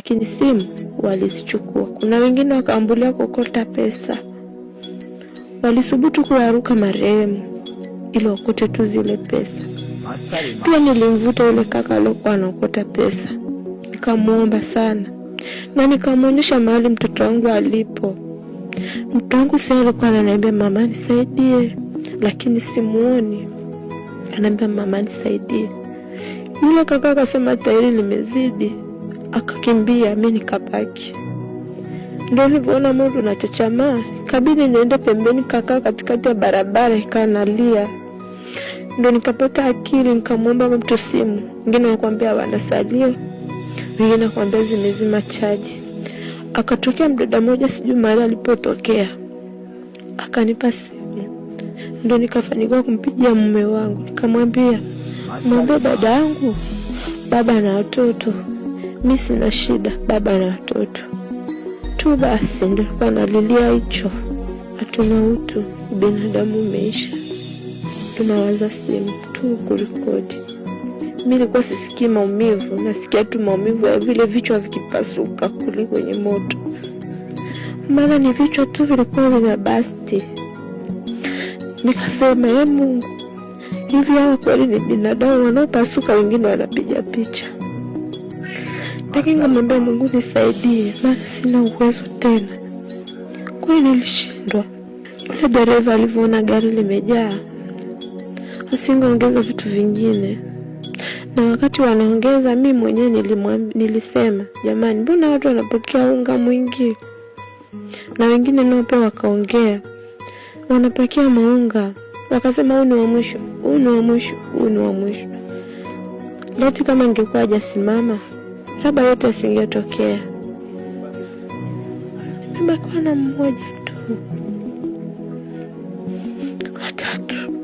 lakini simu walizichukua. Kuna wengine wakaambulia kuokota pesa, walisubutu kuyaruka marehemu ili wakote tu zile pesa. Pia nilimvuta yule kaka aliokuwa anaokota pesa, nikamwomba sana na nikamwonyesha mahali mtoto wangu alipo. Mtoto wangu si alikuwa ananiambia mama nisaidie, lakini simuoni, anaambia mama nisaidie. Yule kaka akasema tairi limezidi akakimbia, mi nikabaki. Ndio nilivyoona Mungu unachachamaa, kabidi niende pembeni, kakaa katikati ya barabara, ikaa nalia. Ndio nikapata akili, nikamwomba mtu simu. Wengine nakwambia salio, wengine nakwambia zimezima chaji. Akatokea mdada mmoja, sijui mahali alipotokea, akanipa simu, ndio nikafanikiwa kumpigia mume wangu, nikamwambia mwambie dada yangu baba na watoto mi sina shida, baba na watoto tu. Basi ndilikuwa nalilia hicho, hatuna utu, binadamu umeisha, tunawaza simu tu kurikodi Mi nilikuwa sisikii maumivu, nasikia tu maumivu ya vile vichwa vikipasuka kuli kwenye moto, maana ni vichwa tu vilikuwa vina basti. Nikasema, ye ee Mungu, hivi hawa kweli ni binadamu wanaopasuka? Wengine wanapiga picha lakini nikamwambia Mungu nisaidie, maana sina uwezo tena. Kweli nilishindwa. Yule dereva alivyoona gari limejaa, asingeongeza vitu vingine, na wakati wanaongeza, mi mwenyewe nilisema, jamani, mbona watu wanapokea unga mwingi? Na wengine nao pia wakaongea, wanapakia maunga, wakasema huu ni wa mwisho, huu ni wa mwisho, huu ni wa mwisho. Lati kama ningekuwa hajasimama labda yote asingetokea. Nimekuwa na mmoja tu, watatu